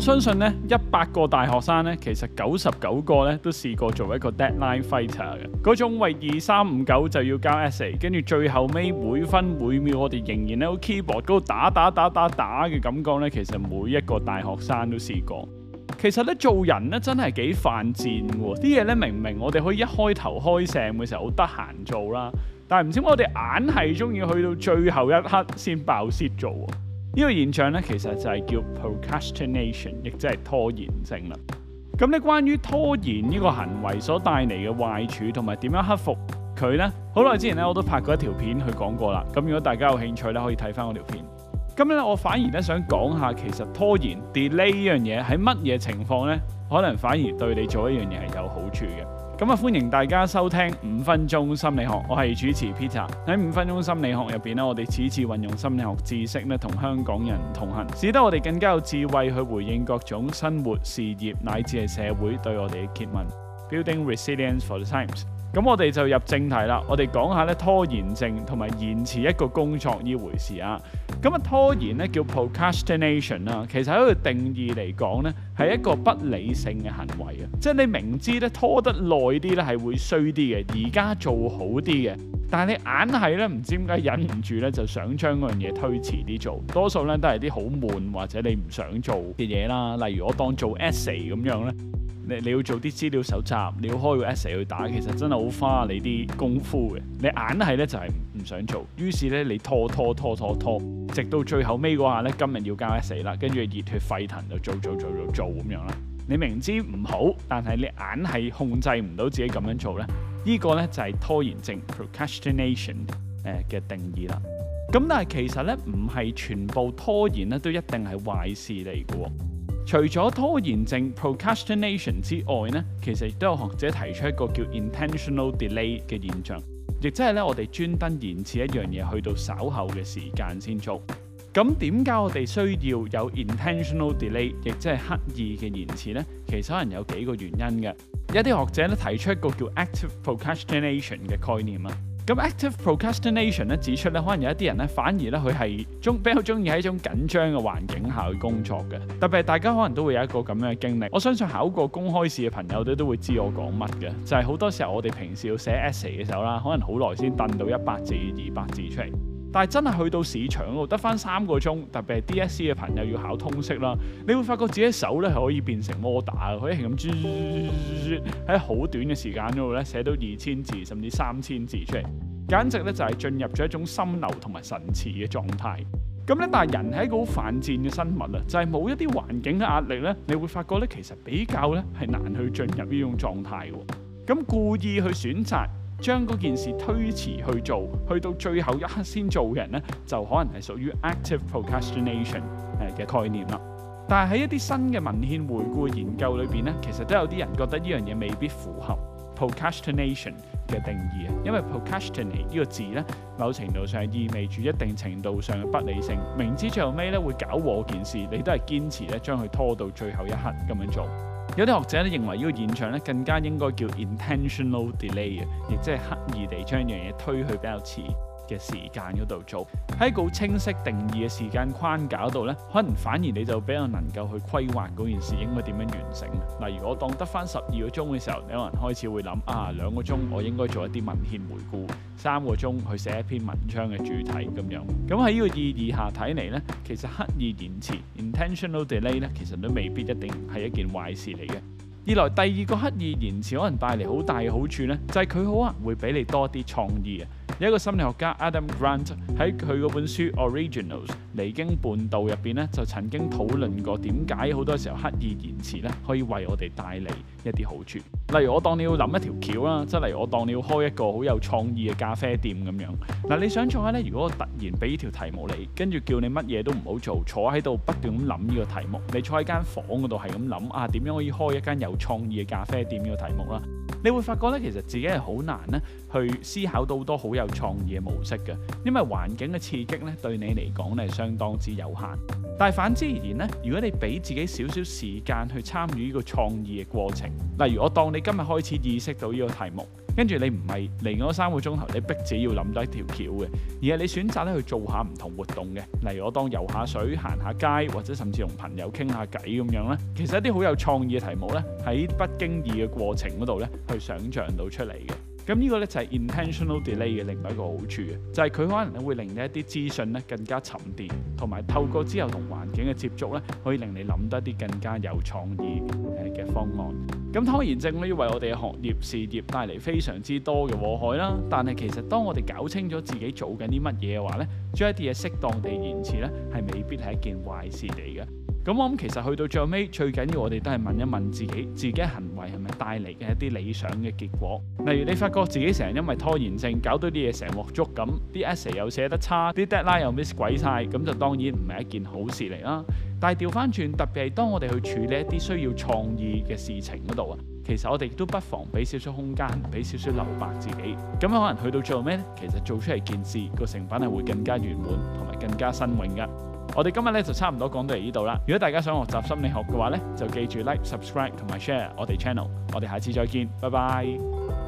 我相信咧，一百個大學生咧，其實九十九個咧都試過做一個 deadline fighter 嘅，嗰種為二三五九就要交 essay，跟住最後尾每分每秒，我哋仍然喺個 keyboard 度打打打打打嘅感覺咧，其實每一個大學生都試過。其實咧做人咧真係幾犯賤嘅，啲嘢咧明明我哋可以一開頭開成嘅時候好得閒做啦，但係唔知點解我哋硬係中意去到最後一刻先爆 sheet 做。呢個現象咧，其實就係叫 procrastination，亦即係拖延症啦。咁咧，關於拖延呢個行為所帶嚟嘅壞處同埋點樣克服佢呢？好耐之前咧我都拍過一條片去講過啦。咁如果大家有興趣咧，可以睇翻嗰條片。今日咧，我反而咧想講下，其實拖延 delay 呢樣嘢喺乜嘢情況呢？可能反而對你做一樣嘢係有好處嘅。咁啊，歡迎大家收聽五分鐘心理學，我係主持 Peter，喺五分鐘心理學入邊咧，我哋此次運用心理學知識咧，同香港人同行，使得我哋更加有智慧去回應各種生活、事業乃至係社會對我哋嘅詰問，Building resilience for the times。咁我哋就入正題啦，我哋講下咧拖延症同埋延遲一個工作呢回事啊。咁啊，拖延咧叫 procrastination 啦，其實喺個定義嚟講咧，係一個不理性嘅行為啊，即係你明知咧拖得耐啲咧係會衰啲嘅，而家做好啲嘅，但係你硬係咧唔知點解忍唔住咧就想將嗰樣嘢推遲啲做，多數咧都係啲好悶或者你唔想做嘅嘢啦，例如我當做 essay 咁樣咧。你要做啲資料搜集，你要開個 essay 去打，其實真係好花你啲功夫嘅。你硬係咧就係唔想做，於是咧你拖拖拖拖拖，直到最後尾嗰下咧，今日要交 essay 啦，跟住熱血沸騰就做做做做做咁樣啦。你明知唔好，但係你硬係控制唔到自己咁樣做咧，呢個咧就係拖延症 （procrastination） 誒、呃、嘅定義啦。咁但係其實咧唔係全部拖延咧都一定係壞事嚟嘅喎。除咗拖延症 （procrastination） 之外咧，其實亦都有學者提出一個叫 intentional delay 嘅現象，亦即係咧我哋專登延遲一樣嘢去到稍後嘅時間先做。咁點解我哋需要有 intentional delay，亦即係刻意嘅延遲呢？其實可能有幾個原因嘅。有啲學者咧提出一個叫 active procrastination 嘅概念啊。咁 active procrastination 咧，指出咧，可能有一啲人咧，反而咧佢係中比較鍾意喺一種緊張嘅環境下去工作嘅。特別係大家可能都會有一個咁樣嘅經歷，我相信考過公開試嘅朋友都都會知我講乜嘅，就係好多時候我哋平時要寫 essay 嘅時候啦，可能好耐先掟到一百字二百字出嚟。但係真係去到市場嗰度得翻三個鐘，特別係 DSE 嘅朋友要考通識啦，你會發覺自己手咧係可以變成摩打啊， 可以係咁嘟喺好短嘅時間度咧寫到二千字甚至三千字出嚟，簡直咧就係進入咗一種心流同埋神馳嘅狀態。咁咧，但係人係一個好犯賤嘅生物啊，就係、是、冇一啲環境嘅壓力咧，你會發覺咧其實比較咧係難去進入呢種狀態喎。咁、就是、故意去選擇，將嗰件事推遲去做，去到最後一刻先做嘅人呢，就可能係屬於 active procrastination 嘅概念啦。但係喺一啲新嘅文獻回顧研究裏邊呢，其實都有啲人覺得呢樣嘢未必符合 procrastination 嘅定義啊。因為 procrastination 呢個字咧，某程度上係意味住一定程度上嘅不理性，明知最後尾咧會搞禍件事，你都係堅持咧將佢拖到最後一刻咁樣做。有啲學者咧認為個現呢個現象咧更加應該叫 intentional delay 啊，亦即係刻意地將一樣嘢推去比較遲。嘅時間度做喺個清晰定義嘅時間框架度呢可能反而你就比較能夠去規劃嗰件事應該點樣完成。例、啊、如果我當得翻十二個鐘嘅時,時候，你可能開始會諗啊兩個鐘我應該做一啲文獻回顧，三個鐘去寫一篇文章嘅主題咁樣。咁喺呢個意義下睇嚟呢其實刻意延遲 （intentional delay） 呢，其實都未必一定係一件壞事嚟嘅。二來第二個刻意延遲可能帶嚟好大嘅好處呢，就係、是、佢可能會俾你多啲創意啊。一個心理學家 Adam Grant 喺佢嗰本書《Originals：離經叛道》入邊咧，就曾經討論過點解好多時候刻意延遲咧，可以為我哋帶嚟一啲好處。例如我當你要諗一條橋啦，即係例如我當你要開一個好有創意嘅咖啡店咁樣。嗱你想像下咧，如果我突然俾條題目你，跟住叫你乜嘢都唔好做，坐喺度不斷咁諗呢個題目，你坐喺間房嗰度係咁諗啊，點樣可以開一間有創意嘅咖啡店呢個題目啦？你會發覺咧，其實自己係好難咧，去思考到好多好有創意嘅模式嘅，因為環境嘅刺激咧，對你嚟講咧係相當之有限。但係反之而言咧，如果你俾自己少少時間去參與呢個創意嘅過程，例如我當你今日開始意識到呢個題目。跟住你唔係嚟嗰三個鐘頭，你逼自己要諗到一條橋嘅，而係你選擇咧去做下唔同活動嘅，例如我當游下水、行下街或者甚至同朋友傾下偈咁樣咧，其實一啲好有創意嘅題目咧，喺不經意嘅過程嗰度咧，去想像到出嚟嘅。咁呢個咧就係、是、intentional delay 嘅另外一個好處，就係、是、佢可能咧會令你一啲資訊咧更加沉澱，同埋透過之後同環境嘅接觸咧，可以令你諗到一啲更加有創意嘅方案。咁拖延症呢，以為我哋嘅學業事業帶嚟非常之多嘅禍害啦。但係其實當我哋搞清楚自己做緊啲乜嘢嘅話呢，將一啲嘢適當地延遲呢，係未必係一件壞事嚟嘅。咁、嗯、我諗其實去到最後尾，最緊要我哋都係問一問自己，自己行為係咪帶嚟嘅一啲理想嘅結果？例如你發覺自己成日因為拖延症搞到啲嘢成鑊粥咁，啲 essay 又寫得差，啲 deadline 又 miss 鬼晒，咁就當然唔係一件好事嚟啦。但係調返轉，特別係當我哋去處理一啲需要創意嘅事情嗰度啊，其實我哋都不妨俾少少空間，俾少少留白自己。咁可能去到最後咩咧？其實做出嚟件事個成品係會更加圓滿同埋更加新穎噶。我哋今日咧就差唔多講到嚟呢度啦。如果大家想學習心理學嘅話咧，就記住 like、subscribe 同埋 share 我哋 channel。我哋下次再見，拜拜。